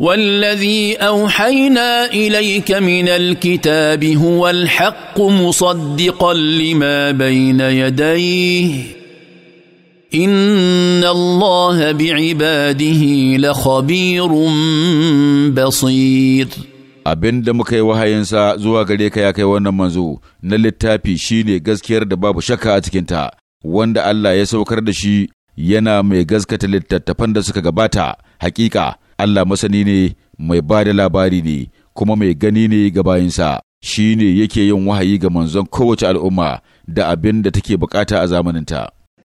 والذي اوحينا اليك من الكتاب هو الحق مصدقا لما بين يديه ان الله بعباده لخبير بصير abin da muka yi wahayinsa zuwa gare ka ya kai wannan manzo na littafi shine gaskiyar da babu shakka a cikinta wanda Allah ya saukar da shi yana mai gaskata littattafan da suka gabata hakika Allah masani ne mai ba da labari ne kuma mai gani ne ga bayinsa shi ne yake yin wahayi ga manzon kowace al'umma da abin da take bukata a zamaninta.